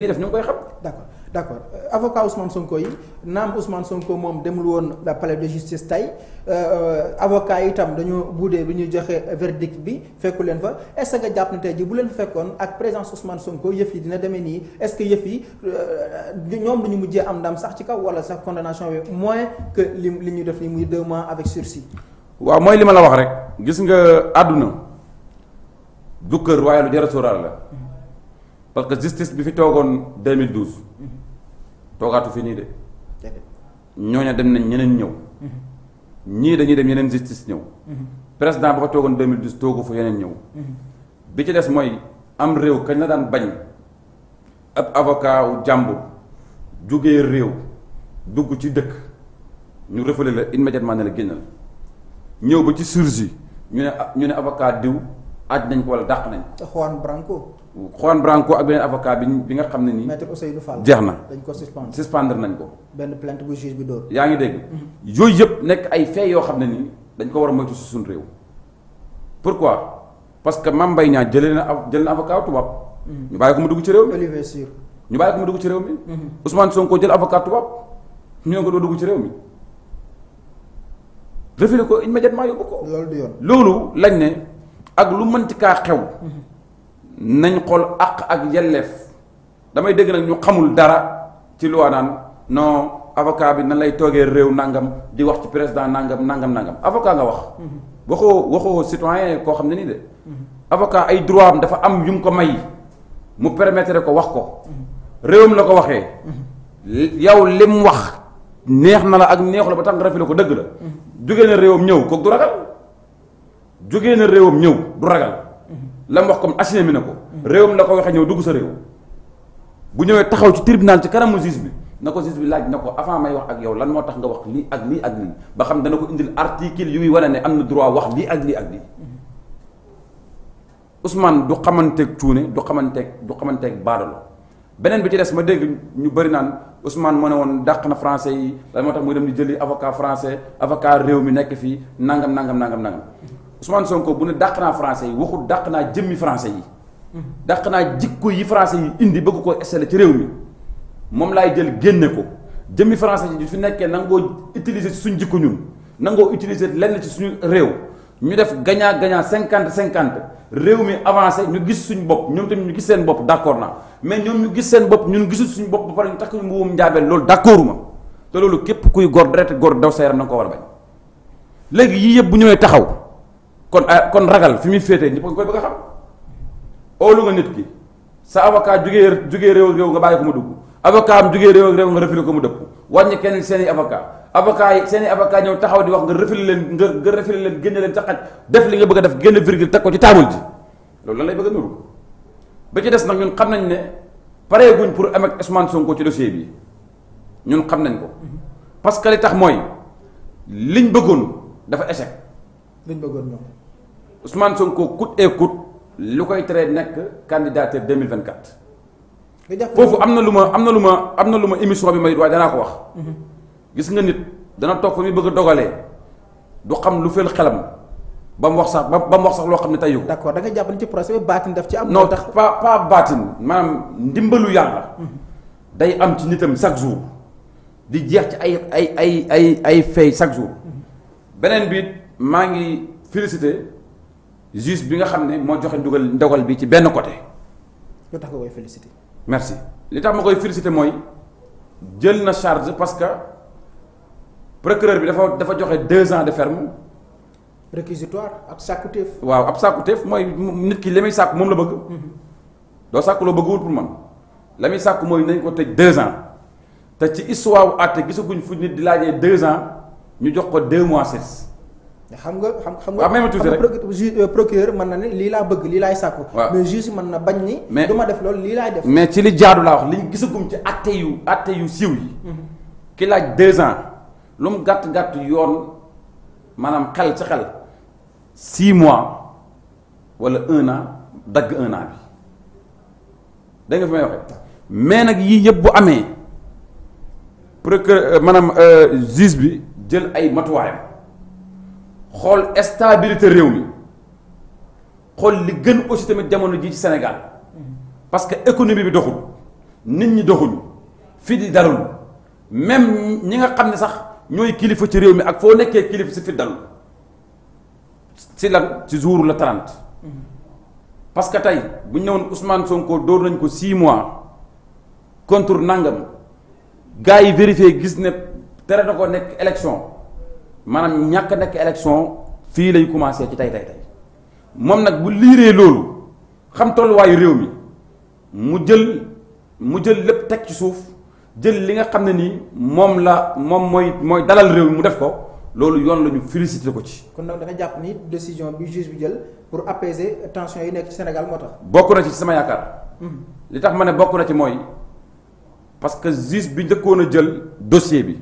li def ñu ngi koy xam d'accord d'accord avocat Ousmane Sonko yi naam Ousmane Sonko moom demul woon la palais de justice tey euh, euh, avocat yi itam dañoo guddee bi ñuy joxe verdict bi fekku leen fa est-ce que nga jàpp ne tey ji bu leen fekkoon ak présence Ousmane Sonko yëf yi dina demee nii est-ce que yëf yi euh, ñoom duñu mujjee am ndam sax ci kaw wala sax condamnation bi moins que li li ñu def nii muy deux mois avec sursis. waaw mooy li ma la wax rek gis nga àdduna du kër waaye lu jar a sóoraal la. Mm-hmm. parce que justice bi fi toogoon 2012 toogaatu fi nii de ñooña dem nañ ñeneen ñëw ñii dañuy dem yeneen justice ñëw président ba ko toogoon 2012 toogu fa yeneen ñëw bi ci des mooy am réew kañ la daan bañ ab avocat wu jàmbur réew dugg ci dëkk ñu refoulé la immédiatement ne la génn la ñëw ba ci surgi ñu ne ñu ne avocat diw aj nañ ko wala dàq nañ ko. Juan Branco. Juan Branco ak beneen avocat bi bi nga xam ne nii. maître Ousseynou Fall jeex na. dañ ko suspendre suspendre nañ ko. benn plainte bu juge bi dóor. yaa ngi dégg. Mhm. yooyu yëpp nekk ay faits yoo xam ne nii dañ ko war a moytu si suñu réew. pourquoi parce que Mame Mbaye Niang jëlee na jël na avocat tubaab. Mhm. ñu bàyyi ko mu dugg ci réew mi. Olivier Sur ko dugg ci réew mi. Mhm. Ousmane Sonko jël avocat tubaab ñu ne ko doo dugg ci réew mi. refilé ko immédiatement yóbbu ko. loolu du yoon loolu lañ ne. ak lu mënti kaa xew nañ xool àq ak yelleef damay dégg nag ñu xamul dara ci luwaa naan non avocat bi na lay toogee réew nangam di wax ci président nangam nangam nangam avocat nga wax waxoo waxoo citoyen koo xam ne nii de avocat ay droit am dafa am yu ko may mu permettre ko wax ko réewam la ko waxee yow lim wax neex na la ak neexu la ba tax nga rafetlu ko dëgg la jóge na réewam ñëw kooku du ragal jógee na réewam ñëw du ragal la mu wax comme assaini na ko réewam la ko waxee ñëw dugg sa réew bu ñëwee taxaw ci tirbinal ci kanamu juge bi na ko juge bi laaj na ko avant may wax ak yow lan moo tax nga wax lii ak lii ak lii ba xam dana ko indil article yuy wane ne am na droit wax lii ak lii ak lii Ousmane du xamanteeg cuune du xamanteeg du xamanteeg baadalo beneen bi ci des ma dégg ñu bëri naan Ousmane moo ne woon dàq na français yi lan moo tax muy dem di jëli avocat français avocat réew mi nekk fii nangam nangam nangam nangam Ousmane Sonko bu ne dàq naa français yi waxul dàq naa jëmmi français yi. dàq naa jikko yi français yi indi bëgg ko installé ci réew mi moom laay jël génne ko jëmmi français yi fi nekkee nangoo utiliser suñ jikko ñun nangoo utiliser lenn ci suñu réew ñu def gagnant gagnant cinquante cinquante réew mi avancé ñu gis suñ bopp ñoom tamit ñu gis seen bopp d' accord naa mais ñoom ñu gis seen bopp ñun gisul suñu bopp ba pare ñu takk ñu mbuum njaabeel loolu d' accord ma te loolu képp kuy gor deret gor daw sa yaram na ko war léegi yii yëpp bu ñëwee taxaw. kon ah, kon ragal fi muy féetee ñëpp nga ko bëgg a xam oolu nga nit ki sa avocat jugee jugee réew ak réew nga bàyyi ko mu dugg avocat am jugee réew ak réew nga refilé ko mu dëpp wàññi kenn seen i avocat avocat yi seen i ñëw taxaw di wax nga refilé leen nga nga refilé leen génne leen taxaj def li nga bëgg def génn virgule teg ko ci taabal ji loolu lan lay bëgg a nuru ba ci des nag ñun xam nañ ne paree guñ pour am ak Ousmane Sonko ci dossier bi ñun xam nañ mhm. parce que li tax mooy liñ bëggoon dafa échec. liñ bëggoon ñoom. Ousmane Sonko coûte et coûte lu koy teree nekk candidature 2024. foofu am na lu ma am na lu ma am na lu ma émission bi may waaye danaa ko wax. Mhm. gis nga nit dana toog fa muy bëgg dogalee du xam lu fel xelam ba mu wax sax ba ba mu wax sax loo xam ne tey. d'accord da nga jàpp ne ci procès bi baatin def ci am. moo tax non pas pas baatin maanaam ndimbalu yàlla. Mhm. day am ci nitam chaque jour di jeex ci ay ay ay ay ay fay chaque jour mhm. beneen bi maa ngi félicité. juge bi nga xam ne moo joxe ndugal ndogal bi ci benn côté. lu tax nga koy félicité. merci li tax ma koy félicité mooy jël na charge parce que procureur bi dafa dafa joxe deux ans de ferme. réquisitoire ab sàkkuteef. waaw ab sàkkuteef mooy nit ki li muy sàkk moom la bëgg. Mhm. doo sàkk loo bëgguwul pour man la muy sàkk mooy nañ ko tëj deux ans te ci histoire wu àtte gisaguñ fu nit di laajee deux ans ñu jox ko deux mois six. xam nga xam xam nga euh, procureur mën na ne lii laa bëgg lii laay sàkku mais juge mën na bañ ni du ma def loolu lii laay def mais ci li jaadu laa wax li ñu gisagum ci atte yu atte yu siiw yi mhm. ki laaj deux ans lu mu gàtt-gàtt yoon maanaam xel ci xel six mois wala un an dagg un an bi da nga fi may waxee mais nag yii yëpp bu amee procureur euh, maanaam euh, juge bi jël ay matuwaayam xool stabilité réew mi xool li gën aussi tamit jamono ji ci Sénégal parce que économie bi doxul nit ñi doxuñu fii di dalul même ñi nga xam ne sax ñooy kilifa ci réew mi ak foo nekkee kilifa si fi dalul si lan si jour la 30. parce que tey bu ñu newoon Ousmane Sonko dóor nañ ko 6 mois contre nangam gars yi vérifié gis ne tere na ko nekk élection. maanaam ñàkk nekk élection fii lay commencé ci tey tey tey moom nag bu liiree loolu xam tolluwaayu réew mi mu jël mu jël lépp teg ci suuf jël li nga xam ne nii moom la moom mooy mooy dalal réew mi mu def ko loolu yoon la ñu félicité ko ci. kon nag dafa jàpp ni décision bi juge bi jël pour apaiser tension yi nekk ci Sénégal moo tax. bokk na ci sama yaakaar. Hmm. li tax ma ne bokk na ci mooy parce que juge bi njëkkoon a jël dossier bi.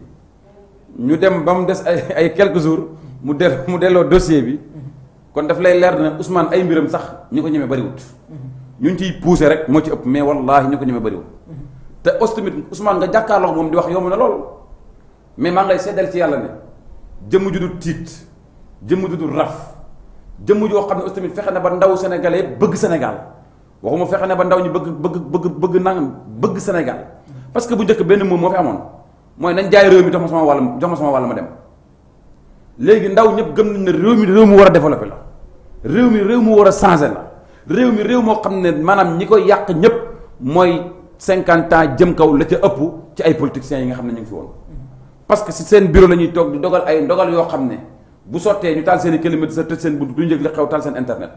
ñu dem ba mu des ay ay quelques jours mu del mu delloo dossier bi kon daf lay leer na Ousmane ay mbiram sax ñu ko ñemee bariwut ñu ngi ciy poussé rek moo ci ëpp mais wallaahi ñu ko ñemee bëriwut te aussi tamit Ousmane nga jàkkaarloo moom di wax yomb na loolu mais maa ngi lay seddal ci yàlla ne jëmm ju du tiit jëmm ju du raf jëmm joo xam ne aussi fexe na ba ndaw sénégalais bëgg Sénégal waxuma fexe ne ba ndaw ñi bëgg bëgg bëgg bëgg nangam bëgg Sénégal parce que bu njëkk benn moom moo amoon. mooy nañ jaay réew mi jox ma sama wàll jox ma dem léegi ndaw ñëpp gëm nañ ne réew mi réew mu war a développé la réew mi réew mu war a changé la réew mi réew moo xam ne maanaam ñi koy yàq ñëpp mooy cinquante ans jëm kaw la ci ëpp ci ay politiciens yi nga xam ne ñu ngi fi woon. parce que si seen bureau la ñuy toog di dogal ay ndogal yoo xam ne bu sottee ñu taal seen i climatiseur tëj seen bunt du ñu yëg li xew taal seen internet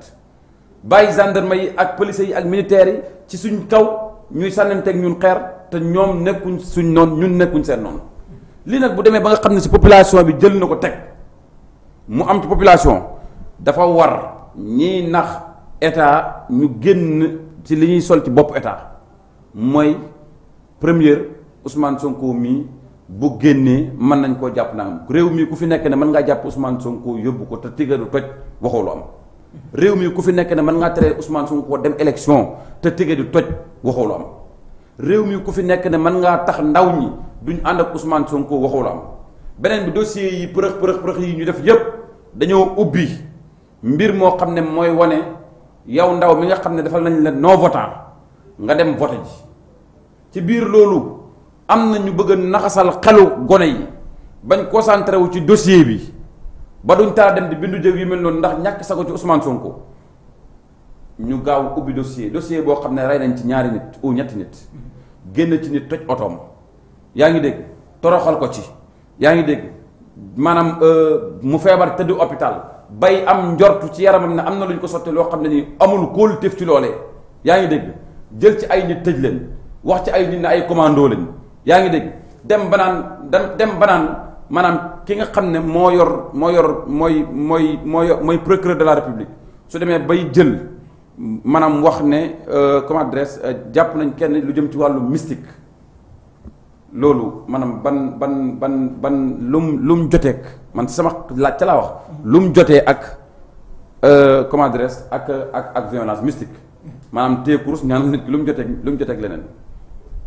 bàyyi gendarme yi ak police yi ak militaires ci suñ kaw. ñuy sànnanteeg ñun xeer te ñoom nekkuñ suñ noon ñun nekkuñ seen noon lii nag bu demee ba nga xam ne si population bi jël na ko teg mu am ci population dafa war ñiy nax état ñu génn ci li ñuy sol ci bopp état mooy première Ousmane Sonko mii bu génnee mën nañ koo jàpp naa réew mii ku fi nekk ne mën ngaa jàpp Ousmane Sonko yóbbu ko te tigga du toj waxoo am. réew mi ku fi nekk ne mën ngaa tere Ousmane Sonko dem élection te tege di toj waxoo am réew mi ku fi nekk ne mën ngaa tax ndaw ñi duñ ànd ak Ousmane Sonko ko la am beneen bi dossier yi përëx përëx përëx yi ñu def yépp dañoo ubbi mbir moo xam ne mooy wane yow ndaw mi nga xam ne defal nañ la non votant nga dem voté ji ci biir loolu am na ñu bëgg a naxasal xelu gone yi bañ concentré wu ci dossier bi. ba duñ tara dem di bindu jëg yi mel noonu ndax ñàkk sago ci Ousmane Sonko ñu gaaw ubbi dossier dossier boo xam ne rey nañ ci ñaari nit ou ñetti nit génn ci nit toj otoom yaa ngi dégg toroxal ko ci yaa ngi dégg maanaam euh, mu feebar tëdd hopital bay am njortu ci yaramam ne am na lu ñu ko sotti loo xam ne nii amul kóoluteef ci loolee yaa ngi dégg jël ci ay nit tëj leen wax ci ay nit ne ay commando lañ yaa ngi dégg dem banaan dem banaan maanaam ki nga xam ne moo yor moo yor mooy mooy mooy mooy procureur de la république su demee bay jël maanaam wax ne euh, comment adresse euh, jàpp nañ kenn lu jëm ci wàllu mystique loolu maanaam ban ban ban ban lum lum joteek man sama laaj ca laa wax lum jotee ak euh, comment adresse ak ak ak violence mystique maanaam téye course ñaan nit lu mu jotee lu mu joteek leneen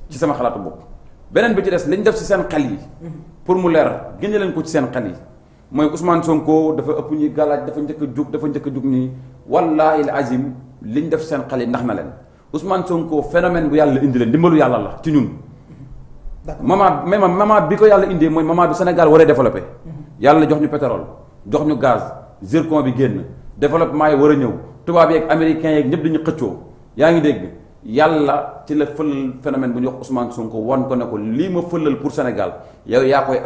ci sama xalaatu bopp beneen bi ci des li ñu def si seen xel yi pour mu leer génne leen ko ci seen xel yi mooy Ousmane Sonko dafa ëpp ñuy galaaj dafa njëkk a jug dafa njëkk a jug nii wallaahi azim li ñu def seen xel yi ndax na leen Ousmane Sonko phénomène bu yàlla indi leen dimbalu yàlla la ci ñun. moment même moment bi ko yàlla indee mooy mamaat bi Sénégal war a développé. Mhm. yàlla jox ñu pétrole jox ñu gaz zircon bi génn développement yi war a ñëw tubaab yeeg américains yeeg ñëpp dañu xëccoo yaa ngi dégg. yàlla ci la fëlal phénomène bu ñuy wax Ousmane Sonko wan ko ne ko lii ma fëlal pour Sénégal yow yaa koy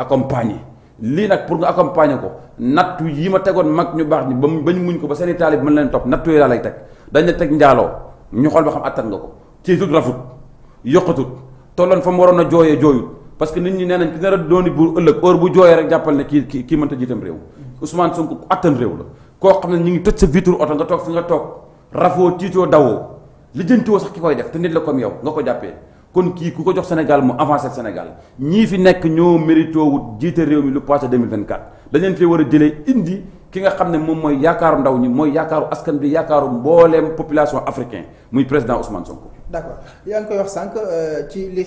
lii nag pour nga accompagner ko nattu yi ma tegoon mag ñu baax ñi ba mu bañ muñ ko ba seen mën leen topp nattu yooyu laa dañ teg njaaloo ñu xool ba nga ko ci tut rafut yokkatut tolloon fa waroon a jooyee jooyut parce que nit ñi nee nañ ki nar a dooni buur ëllëg heure bu jooyee rek jàppal ne kii kii kii mënta jiitam réew Ousmane Sonko attan réew la koo xam ne ñu ngi tëj sa vitre oto nga toog fi nga toog rafoo tiitoo dawoo lijjantiwoo sax ki koy def te nit la comme yow nga ko jàppee kon kii ku ko jox Sénégal mu avancé Sénégal ñii fi nekk ñoo mérito wut jiite réew mi lu passé 2024 dañ leen fi war a jëlee indi ki nga xam ne moom mooy yaakaaru ndaw ñi mooy yaakaaru askan bi yaakaaru mbooleem population africain muy président Ousmane Sonko. d'accord yaa ngi koy wax sànq euh, ci li.